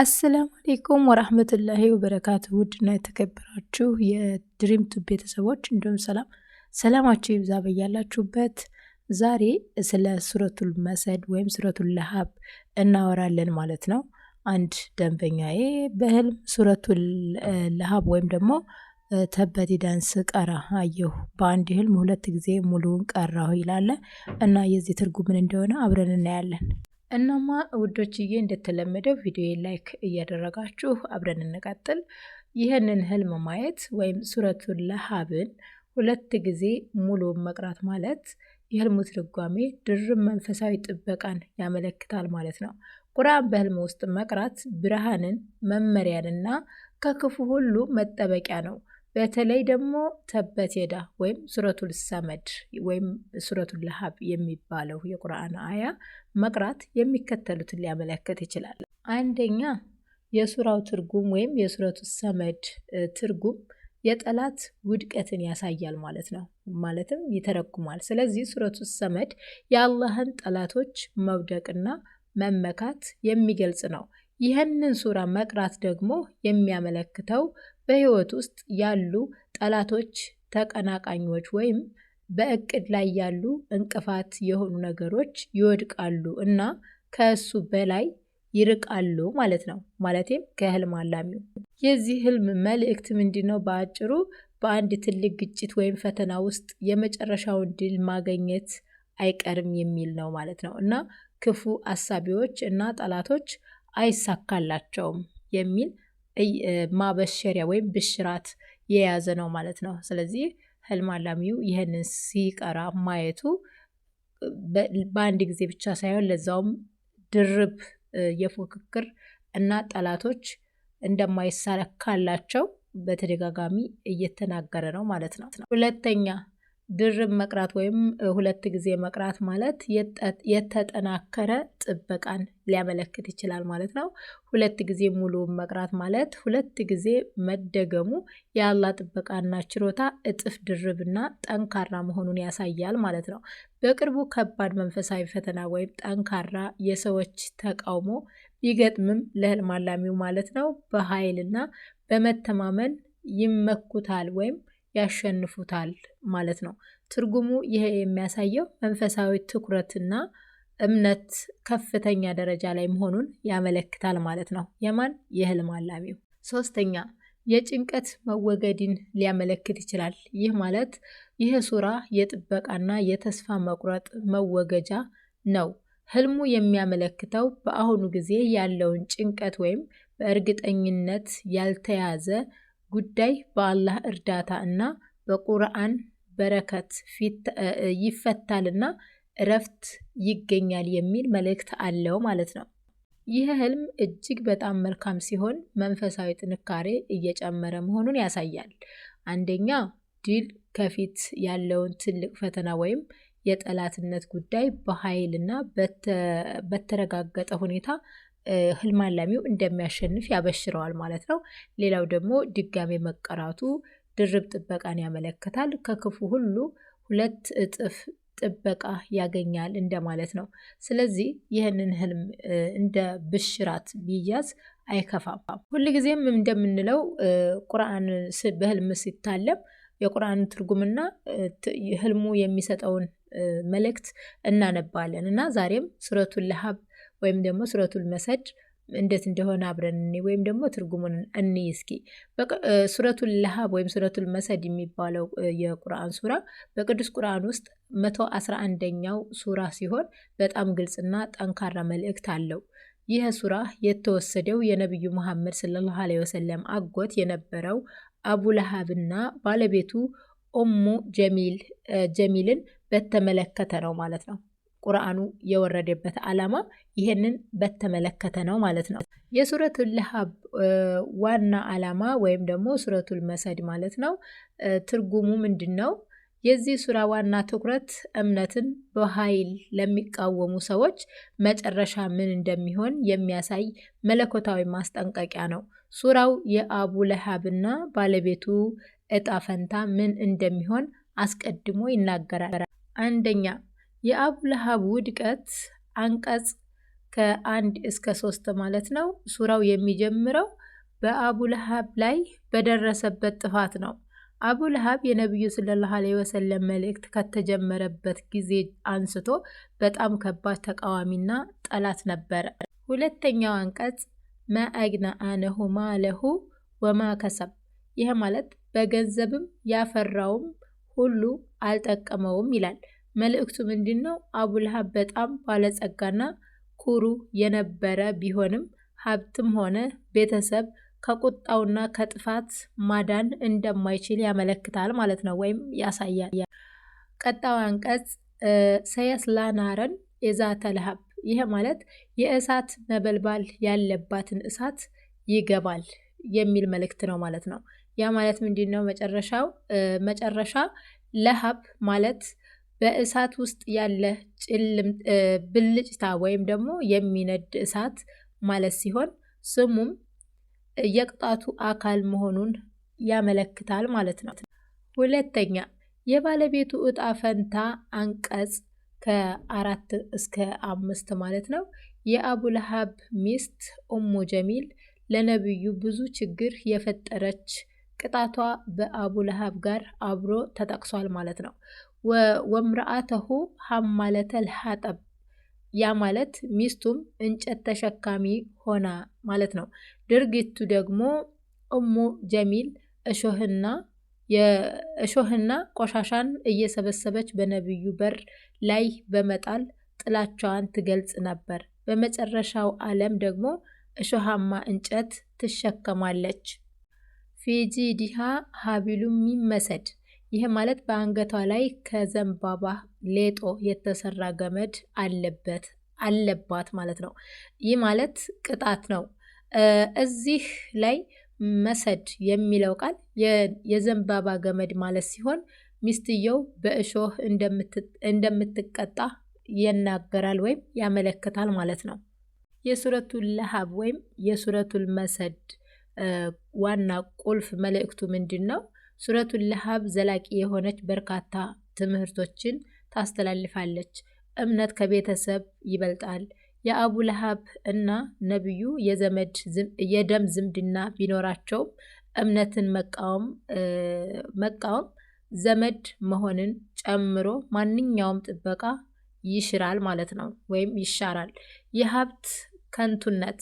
አሰላሙ አሌይኩም ወራህመቱላሂ ወበረካቱ። ውድና የተከበራችሁ የድሪም ቱብ ቤተሰቦች እንዲሁም ሰላም ሰላማችሁ ይብዛ በያላችሁበት። ዛሬ ስለ ሱረቱል መሰድ ወይም ሱረቱል ለሀብ እናወራለን ማለት ነው። አንድ ደንበኛዬ በህልም ሱረቱል ለሀብ ወይም ደግሞ ተበት ይዳን ቀራ አየሁ። በአንድ ህልም ሁለት ጊዜ ሙሉውን ቀራሁ ይላለ እና የዚህ ትርጉምን እንደሆነ አብረን እናያለን። እናማ ውዶችዬ እንደተለመደው ቪዲዮ ላይክ እያደረጋችሁ አብረን እንቀጥል። ይህንን ህልም ማየት ወይም ሱረቱን ለሃብን ሁለት ጊዜ ሙሉ መቅራት ማለት የህልሙ ትርጓሜ ድርም መንፈሳዊ ጥበቃን ያመለክታል ማለት ነው። ቁርአን በህልም ውስጥ መቅራት ብርሃንን፣ መመሪያንና ከክፉ ሁሉ መጠበቂያ ነው። በተለይ ደግሞ ተበት የዳ ወይም ሱረቱል ሰመድ ወይም ሱረቱል ለሀብ የሚባለው የቁርአን አያ መቅራት የሚከተሉትን ሊያመለክት ይችላል። አንደኛ የሱራው ትርጉም ወይም የሱረቱ ሰመድ ትርጉም የጠላት ውድቀትን ያሳያል ማለት ነው። ማለትም ይተረጉማል። ስለዚህ ሱረቱ ሰመድ የአላህን ጠላቶች መውደቅና መመካት የሚገልጽ ነው። ይህንን ሱራ መቅራት ደግሞ የሚያመለክተው በህይወት ውስጥ ያሉ ጠላቶች፣ ተቀናቃኞች ወይም በእቅድ ላይ ያሉ እንቅፋት የሆኑ ነገሮች ይወድቃሉ እና ከእሱ በላይ ይርቃሉ ማለት ነው። ማለቴም ከህልም አላሚው። የዚህ ህልም መልእክት ምንድን ነው? በአጭሩ በአንድ ትልቅ ግጭት ወይም ፈተና ውስጥ የመጨረሻውን ድል ማገኘት አይቀርም የሚል ነው ማለት ነው እና ክፉ አሳቢዎች እና ጠላቶች አይሳካላቸውም የሚል ማበሸሪያ ወይም ብሽራት የያዘ ነው ማለት ነው። ስለዚህ ህልም አላሚው ይህንን ሲቀራ ማየቱ በአንድ ጊዜ ብቻ ሳይሆን ለዛውም ድርብ የፉክክር እና ጠላቶች እንደማይሳለካላቸው በተደጋጋሚ እየተናገረ ነው ማለት ነው። ሁለተኛ ድርብ መቅራት ወይም ሁለት ጊዜ መቅራት ማለት የተጠናከረ ጥበቃን ሊያመለክት ይችላል ማለት ነው። ሁለት ጊዜ ሙሉ መቅራት ማለት ሁለት ጊዜ መደገሙ የአላህ ጥበቃና ችሮታ እጥፍ ድርብና ጠንካራ መሆኑን ያሳያል ማለት ነው። በቅርቡ ከባድ መንፈሳዊ ፈተና ወይም ጠንካራ የሰዎች ተቃውሞ ቢገጥምም ለህልም አላሚው ማለት ነው በኃይልና በመተማመን ይመኩታል ወይም ያሸንፉታል ማለት ነው። ትርጉሙ ይሄ የሚያሳየው መንፈሳዊ ትኩረትና እምነት ከፍተኛ ደረጃ ላይ መሆኑን ያመለክታል ማለት ነው። የማን የህልም አላሚው። ሶስተኛ የጭንቀት መወገድን ሊያመለክት ይችላል። ይህ ማለት ይህ ሱራ የጥበቃና የተስፋ መቁረጥ መወገጃ ነው። ህልሙ የሚያመለክተው በአሁኑ ጊዜ ያለውን ጭንቀት ወይም በእርግጠኝነት ያልተያዘ ጉዳይ በአላህ እርዳታ እና በቁርአን በረከት ይፈታልና እረፍት ይገኛል የሚል መልእክት አለው ማለት ነው። ይህ ህልም እጅግ በጣም መልካም ሲሆን መንፈሳዊ ጥንካሬ እየጨመረ መሆኑን ያሳያል። አንደኛ ድል ከፊት ያለውን ትልቅ ፈተና ወይም የጠላትነት ጉዳይ በኃይልና በተረጋገጠ ሁኔታ ህልም አላሚው እንደሚያሸንፍ ያበሽረዋል ማለት ነው። ሌላው ደግሞ ድጋሜ መቀራቱ ድርብ ጥበቃን ያመለክታል። ከክፉ ሁሉ ሁለት እጥፍ ጥበቃ ያገኛል እንደማለት ነው። ስለዚህ ይህንን ህልም እንደ ብሽራት ቢያዝ አይከፋም። ሁልጊዜም እንደምንለው ቁርአን በህልም ሲታለም የቁርአን ትርጉምና ህልሙ የሚሰጠውን መልእክት እናነባለን እና ዛሬም ሱረቱን ለሀብ ወይም ደግሞ ሱረቱል መሰድ እንዴት እንደሆነ አብረን እኒ ወይም ደግሞ ትርጉሙን እንይ እስኪ። ሱረቱል ለሃብ ወይም ሱረቱል መሰድ የሚባለው የቁርአን ሱራ በቅዱስ ቁርአን ውስጥ መቶ አስራ አንደኛው ሱራ ሲሆን በጣም ግልጽና ጠንካራ መልእክት አለው። ይህ ሱራ የተወሰደው የነቢዩ መሐመድ ሰለላሁ ዐለይሂ ወሰለም አጎት የነበረው አቡ ለሃብና ባለቤቱ ኡሙ ጀሚልን በተመለከተ ነው ማለት ነው። ቁርአኑ የወረደበት ዓላማ ይህንን በተመለከተ ነው ማለት ነው። የሱረቱል ለሃብ ዋና ዓላማ ወይም ደግሞ ሱረቱል መሰድ ማለት ነው ትርጉሙ ምንድን ነው? የዚህ ሱራ ዋና ትኩረት እምነትን በኃይል ለሚቃወሙ ሰዎች መጨረሻ ምን እንደሚሆን የሚያሳይ መለኮታዊ ማስጠንቀቂያ ነው። ሱራው የአቡ ለሃብና ባለቤቱ እጣ ፈንታ ምን እንደሚሆን አስቀድሞ ይናገራል። አንደኛ የአቡለሃብ ውድቀት አንቀጽ ከአንድ እስከ ሶስት ማለት ነው። ሱራው የሚጀምረው በአቡለሃብ ላይ በደረሰበት ጥፋት ነው። አቡለሃብ የነቢዩ ሰለላሁ ዐለይሂ ወሰለም መልእክት ከተጀመረበት ጊዜ አንስቶ በጣም ከባድ ተቃዋሚና ጠላት ነበረ። ሁለተኛው አንቀጽ መአግና አነሁ ማለሁ ወማ ከሰብ፣ ይህ ማለት በገንዘብም ያፈራውም ሁሉ አልጠቀመውም ይላል። መልእክቱ ምንድን ነው? አቡልሃብ በጣም ባለጸጋና ኩሩ የነበረ ቢሆንም ሀብትም ሆነ ቤተሰብ ከቁጣውና ከጥፋት ማዳን እንደማይችል ያመለክታል ማለት ነው ወይም ያሳያል። ቀጣዩ አንቀጽ ሰየስላ ናረን የዛተ ለሀብ፣ ይህ ማለት የእሳት ነበልባል ያለባትን እሳት ይገባል የሚል መልእክት ነው ማለት ነው። ያ ማለት ምንድን ነው? መጨረሻው መጨረሻ ለሀብ ማለት በእሳት ውስጥ ያለ ብልጭታ ወይም ደግሞ የሚነድ እሳት ማለት ሲሆን ስሙም የቅጣቱ አካል መሆኑን ያመለክታል ማለት ነው። ሁለተኛ የባለቤቱ እጣ ፈንታ አንቀጽ ከአራት እስከ አምስት ማለት ነው። የአቡለሀብ ሚስት ኡሙ ጀሚል ለነቢዩ ብዙ ችግር የፈጠረች ቅጣቷ በአቡልሃብ ጋር አብሮ ተጠቅሷል ማለት ነው። ወምርአተሁ ሀማለተ ልሀጠብ ያ ማለት ሚስቱም እንጨት ተሸካሚ ሆና ማለት ነው። ድርጊቱ ደግሞ እሙ ጀሚል እሾህና የእሾህና ቆሻሻን እየሰበሰበች በነቢዩ በር ላይ በመጣል ጥላቻዋን ትገልጽ ነበር። በመጨረሻው ዓለም ደግሞ እሾሃማ እንጨት ትሸከማለች። ፊጂዲሃ ሀቢሉ ሚመሰድ ይህ ማለት በአንገቷ ላይ ከዘንባባ ሌጦ የተሰራ ገመድ አለበት አለባት ማለት ነው። ይህ ማለት ቅጣት ነው። እዚህ ላይ መሰድ የሚለው ቃል የዘንባባ ገመድ ማለት ሲሆን ሚስትየው በእሾህ እንደምትቀጣ ይናገራል ወይም ያመለክታል ማለት ነው። የሱረቱል ለሀብ ወይም የሱረቱል መሰድ ዋና ቁልፍ መልእክቱ ምንድን ነው? ሱረቱል ለሃብ ዘላቂ የሆነች በርካታ ትምህርቶችን ታስተላልፋለች። እምነት ከቤተሰብ ይበልጣል። የአቡ ለሃብ እና ነቢዩ የዘመድ የደም ዝምድና ቢኖራቸውም እምነትን መቃወም ዘመድ መሆንን ጨምሮ ማንኛውም ጥበቃ ይሽራል ማለት ነው ወይም ይሻራል። የሀብት ከንቱነት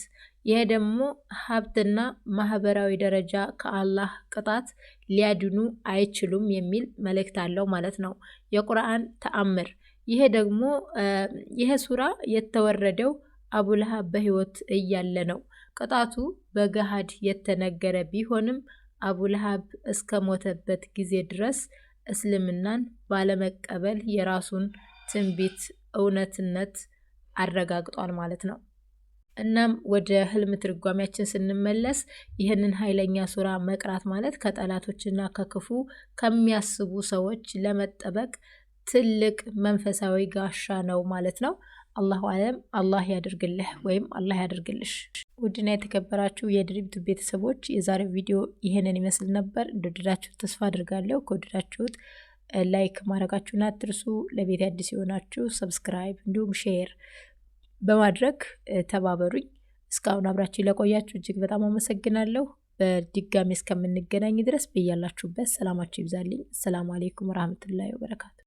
ይህ ደግሞ ሀብትና ማህበራዊ ደረጃ ከአላህ ቅጣት ሊያድኑ አይችሉም የሚል መልእክት አለው ማለት ነው። የቁርአን ተአምር ይሄ ደግሞ ይሄ ሱራ የተወረደው አቡልሃብ በህይወት እያለ ነው። ቅጣቱ በገሃድ የተነገረ ቢሆንም አቡልሃብ እስከ ሞተበት ጊዜ ድረስ እስልምናን ባለመቀበል የራሱን ትንቢት እውነትነት አረጋግጧል ማለት ነው። እናም ወደ ህልም ትርጓሚያችን ስንመለስ ይህንን ኃይለኛ ሱራ መቅራት ማለት ከጠላቶችና ከክፉ ከሚያስቡ ሰዎች ለመጠበቅ ትልቅ መንፈሳዊ ጋሻ ነው ማለት ነው። አላሁ አለም። አላህ ያደርግልህ ወይም አላህ ያደርግልሽ። ውድና የተከበራችሁ የድሪብቱ ቤተሰቦች የዛሬው ቪዲዮ ይህንን ይመስል ነበር። እንደወደዳችሁት ተስፋ አድርጋለሁ። ከወደዳችሁት ላይክ ማድረጋችሁን አትርሱ። ለቤት አዲስ የሆናችሁ ሰብስክራይብ፣ እንዲሁም ሼር በማድረግ ተባበሩኝ። እስካሁን አብራችሁ ለቆያችሁ እጅግ በጣም አመሰግናለሁ። በድጋሚ እስከምንገናኝ ድረስ በያላችሁበት ሰላማችሁ ይብዛልኝ። አሰላሙ አሌይኩም ረህመቱላሂ ወበረካቱ።